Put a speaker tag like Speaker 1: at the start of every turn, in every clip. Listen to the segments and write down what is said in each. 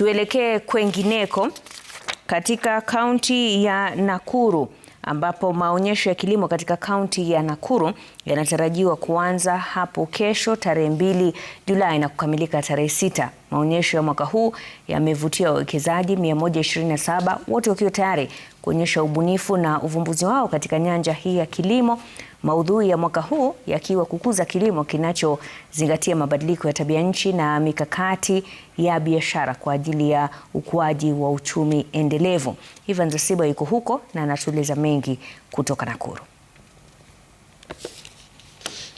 Speaker 1: Tuelekee kwengineko katika kaunti ya Nakuru ambapo maonyesho ya kilimo katika kaunti ya Nakuru yanatarajiwa kuanza hapo kesho tarehe mbili Julai na kukamilika tarehe sita. Maonyesho ya mwaka huu yamevutia wawekezaji 127 wote wakiwa tayari kuonyesha ubunifu na uvumbuzi wao katika nyanja hii ya kilimo maudhui ya mwaka huu yakiwa kukuza kilimo kinachozingatia mabadiliko ya tabia nchi na mikakati ya biashara kwa ajili ya ukuaji wa uchumi endelevu. Ivan Zasiba yuko huko na anatueleza mengi kutoka Nakuru.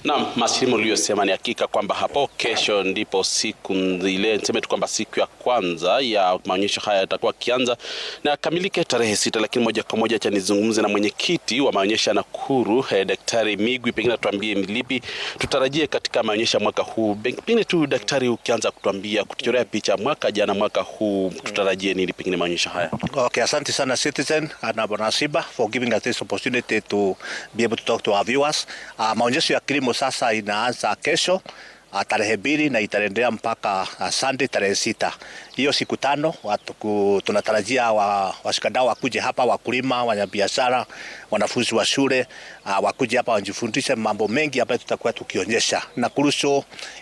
Speaker 2: Naam, Masimu uliyosema ni hakika kwamba hapo kesho ndipo siku ile, niseme tu kwamba siku ya kwanza ya maonyesho haya yatakuwa kianza na kamilike tarehe sita, lakini moja kwa moja cha nizungumze na mwenyekiti wa maonyesho ya Nakuru eh, Daktari Migwi, pengine tuambie ni lipi tutarajie katika maonyesho mwaka huu. Pengine tu daktari, ukianza kutuambia kutuchorea picha mwaka jana mwaka huu tutarajie nini pengine maonyesho haya?
Speaker 3: Okay, asante sana Citizen na Bonasiba for giving us this opportunity to be able to talk to our viewers. Uh, maonyesho ya kilimo sasa inaanza kesho tarehe mbili na itaendelea mpaka Sunday tarehe sita. Hiyo siku tano watu, tunatarajia wa, washikadau wakuje hapa, wakulima, wanyabiashara, wanafunzi wa shule wakuje hapa wajifundishe mambo mengi ambayo tutakuwa tukionyesha. Nakuru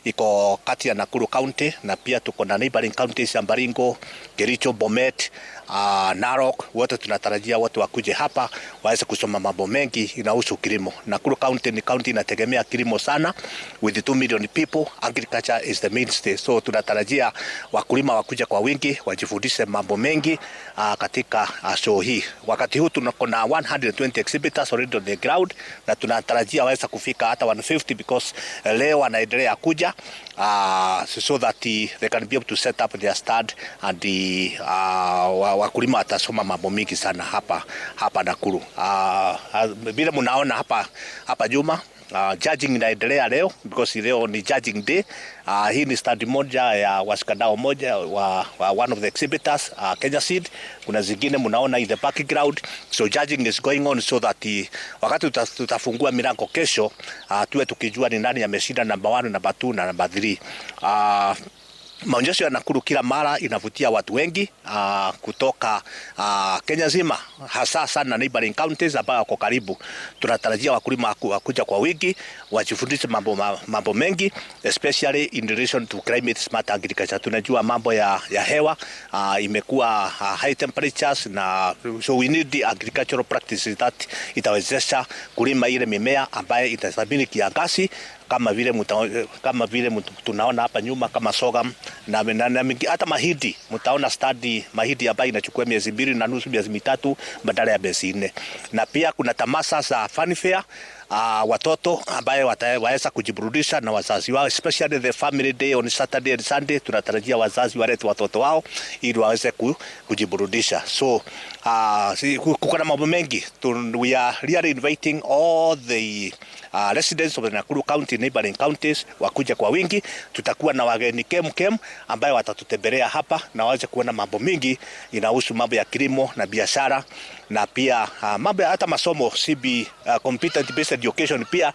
Speaker 3: iko kati ya Nakuru County na pia tuko na neighboring counties ya Baringo, Kericho, Bomet uh, Narok wote tunatarajia watu wakuje hapa waweze kusoma mambo mengi inahusu kilimo. Nakuru County ni county inategemea kilimo sana, with 2 million people agriculture is the mainstay. So tunatarajia wakulima wakuje kwa wingi wajifundishe mambo mengi uh, katika uh, show hii. Wakati huu tunako na 120 exhibitors already on the ground na tunatarajia waweza kufika hata 150 because uh, leo wanaendelea kuja uh, so that eh, they can be able to set up their stand and the, uh, wakulima watasoma mambo mingi sana hapa hapa Nakuru. Uh, vile mnaona hapa hapa Juma Uh, judging inaendelea leo because leo ni judging day. Uh, hii ni stand moja ya washikadao moja wa, wa one of the exhibitors uh, Kenya Seed. Kuna zingine mnaona in the background, so judging is going on so that the, wakati tutafungua milango kesho, uh, tuwe tukijua ni nani ameshinda number 1, number 2 na number 3. Uh, Maonyesho ya Nakuru kila mara inavutia watu wengi aa, ah, kutoka aa, ah, Kenya nzima hasa sana neighboring counties ambao wako karibu. Tunatarajia wakulima wakuja kwa wingi wajifundishe mambo, mambo mengi especially in relation to climate smart agriculture. Tunajua mambo ya, ya hewa aa, ah, imekuwa high temperatures na so we need the agricultural practices that itawezesha kulima ile mimea ambayo itasabini kiangazi kama vile muta, kama vile tunaona hapa nyuma kama sogam na, na, na, na, hata mahindi mtaona stadi mahidi ambayo inachukua miezi mbili na nusu miezi mitatu badala ya miezi nne, na pia kuna tamasa za funfair uh, watoto ambaye wataweza kujiburudisha na wazazi wao, especially the family day on Saturday and Sunday. Tunatarajia wazazi walete watoto wao ili waweze kujiburudisha. So uh, kuko na mambo mengi. We are really inviting all the uh, residents of the Nakuru County, neighboring counties wakuja kwa wingi. Tutakuwa na wageni kem kem ambaye watatutembelea hapa na waweze kuona mambo mingi inahusu mambo ya kilimo na biashara na pia uh, mambo hata masomo CB, uh, competent based education pia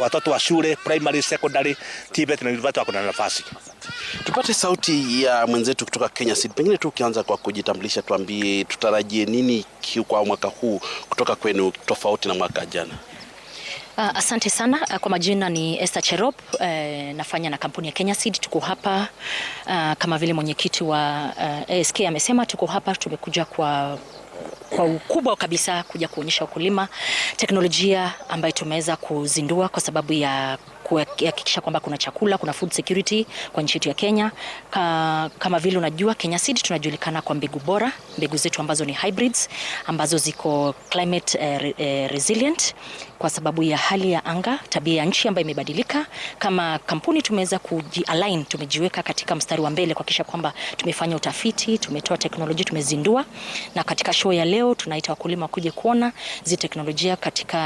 Speaker 3: watoto wa shule primary, secondary, tibet na university wako na nafasi.
Speaker 2: Tupate sauti ya mwenzetu kutoka Kenya Seed. Pengine tu ukianza kwa kujitambulisha, tuambie tutarajie nini kwa mwaka huu kutoka kwenu tofauti na mwaka jana?
Speaker 4: Ah, asante sana ah, kwa majina, ni Esther Cherop uh, nafanya na kampuni ya Kenya Seed. Tuko hapa uh, kama vile mwenyekiti wa uh, ASK amesema, tuko hapa tumekuja kwa kwa ukubwa kabisa kuja kuonyesha wakulima teknolojia ambayo tumeweza kuzindua kwa sababu ya kuhakikisha kwamba kuna chakula, kuna food security kwa nchi yetu ya Kenya. Ka, kama vile unajua Kenya Seed tunajulikana kwa mbegu bora, mbegu zetu ambazo ni hybrids ambazo ziko climate eh, eh, resilient kwa sababu ya hali ya anga, tabia ya nchi ambayo imebadilika. Kama kampuni tumeweza kujialign, tumejiweka katika mstari wa mbele kuhakikisha kwamba tumefanya utafiti, tumetoa teknolojia, tumezindua, na katika show ya leo tunaita wakulima kuje kuona zi teknolojia katika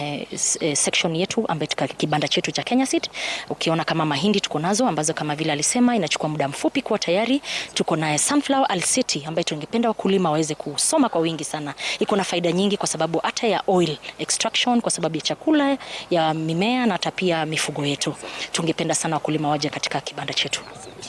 Speaker 4: eh, eh section yetu ambayo kibanda chetu cha Kenya Seed. Ukiona kama mahindi tuko nazo ambazo kama vile alisema inachukua muda mfupi kuwa tayari. Tuko naye sunflower alizeti ambayo tungependa wakulima waweze kusoma kwa wingi sana. Iko na faida nyingi kwa sababu hata ya oil extraction, kwa sababu ya chakula ya mimea na hata pia mifugo yetu. Tungependa sana wakulima waje katika kibanda chetu.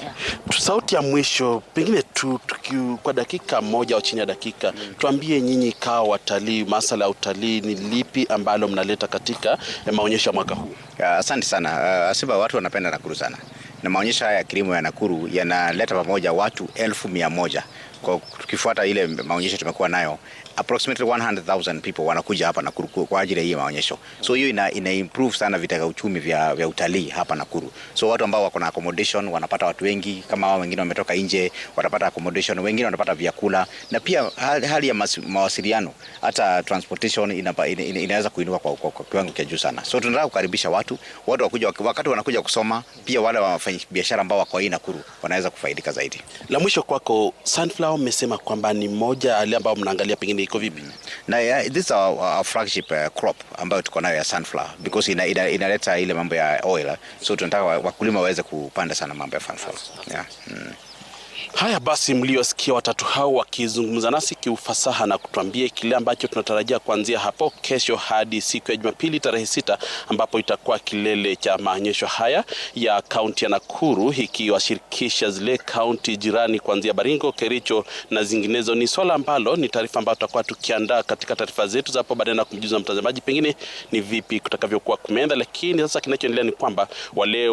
Speaker 2: Yeah. Sauti ya mwisho pengine tu, tu, kwa dakika moja au chini ya dakika mm. Tuambie nyinyi kawa watalii, masala ya utalii ni lipi ambalo mnaleta katika eh, maonyesho ya mwaka huu?
Speaker 5: Ah, asante sana eh, Asiba, watu wanapenda Nakuru sana, na maonyesho haya ya kilimo ya Nakuru yanaleta pamoja watu elfu mia moja kwa tukifuata ile maonyesho tumekuwa nayo approximately 100,000 people wanakuja hapa Nakuru kwa ajili ya hii maonyesho. So hiyo ina, ina improve sana vitega uchumi vya, vya utalii hapa Nakuru. So watu ambao wako na accommodation wanapata watu wengi, kama wao wengine wametoka nje watapata accommodation, wengine wanapata vyakula na pia hali, hali ya mas, mawasiliano hata transportation ina, ina, ina, inaweza kuinuka kwa, kwa, kwa kiwango cha juu sana. So tunataka kukaribisha watu watu wakuja, wakati wanakuja kusoma, pia wale wafanyabiashara ambao wako hii Nakuru wanaweza kufaidika zaidi.
Speaker 2: La mwisho kwako Sunflower ambao mmesema kwamba ni moja ali ambao mnaangalia pengine iko vipi?
Speaker 5: Na yeah, this is our, our flagship uh, crop ambayo tuko nayo ya sunflower because ina, ina, inaleta ile mambo ya oil, so tunataka wakulima waweze kupanda sana mambo ya sunflower. Yeah. Mm.
Speaker 2: Haya basi, mliosikia watatu hao wakizungumza nasi kiufasaha na kutuambia kile ambacho tunatarajia kuanzia hapo kesho hadi siku ya Jumapili tarehe sita, ambapo itakuwa kilele cha maonyesho haya ya kaunti ya Nakuru ikiwashirikisha zile kaunti jirani kuanzia Baringo, Kericho na zinginezo. Ni swala ambalo ni taarifa ambayo tutakuwa tukiandaa katika taarifa zetu za hapo baadaye na kumjuza mtazamaji pengine ni vipi kutakavyokuwa kumeenda, lakini sasa kinachoendelea ni kwamba wale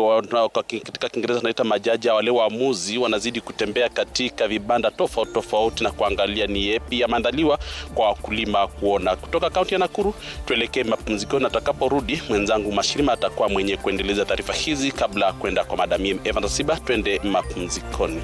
Speaker 2: katika Kiingereza tunaita majaji, wale waamuzi wanazidi kutembea kutembea katika vibanda tofauti tofauti na kuangalia ni yepi yameandaliwa kwa wakulima kuona. Kutoka kaunti ya Nakuru tuelekee mapumzikoni, atakaporudi mwenzangu Mashirima atakuwa mwenye kuendeleza taarifa hizi kabla ya kwenda kwa madam Evan Siba. Twende mapumzikoni.